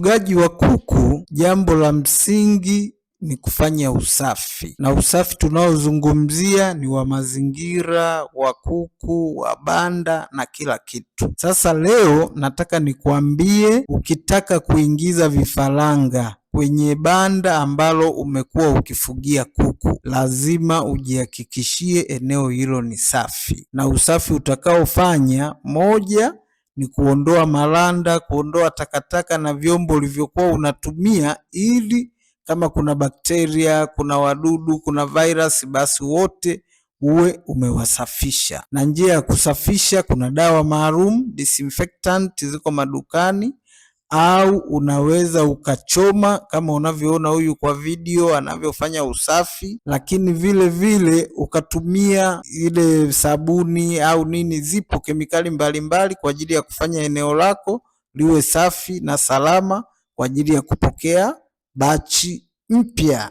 Ufugaji wa kuku, jambo la msingi ni kufanya usafi, na usafi tunaozungumzia ni wa mazingira, wa kuku, wa banda na kila kitu. Sasa leo nataka nikuambie, ukitaka kuingiza vifaranga kwenye banda ambalo umekuwa ukifugia kuku, lazima ujihakikishie eneo hilo ni safi, na usafi utakaofanya moja ni kuondoa maranda, kuondoa takataka na vyombo ulivyokuwa unatumia, ili kama kuna bakteria, kuna wadudu, kuna virus, basi wote uwe umewasafisha. Na njia ya kusafisha, kuna dawa maalum disinfectant ziko madukani au unaweza ukachoma kama unavyoona huyu kwa video anavyofanya usafi, lakini vile vile ukatumia ile sabuni au nini. Zipo kemikali mbalimbali mbali kwa ajili ya kufanya eneo lako liwe safi na salama kwa ajili ya kupokea bachi mpya.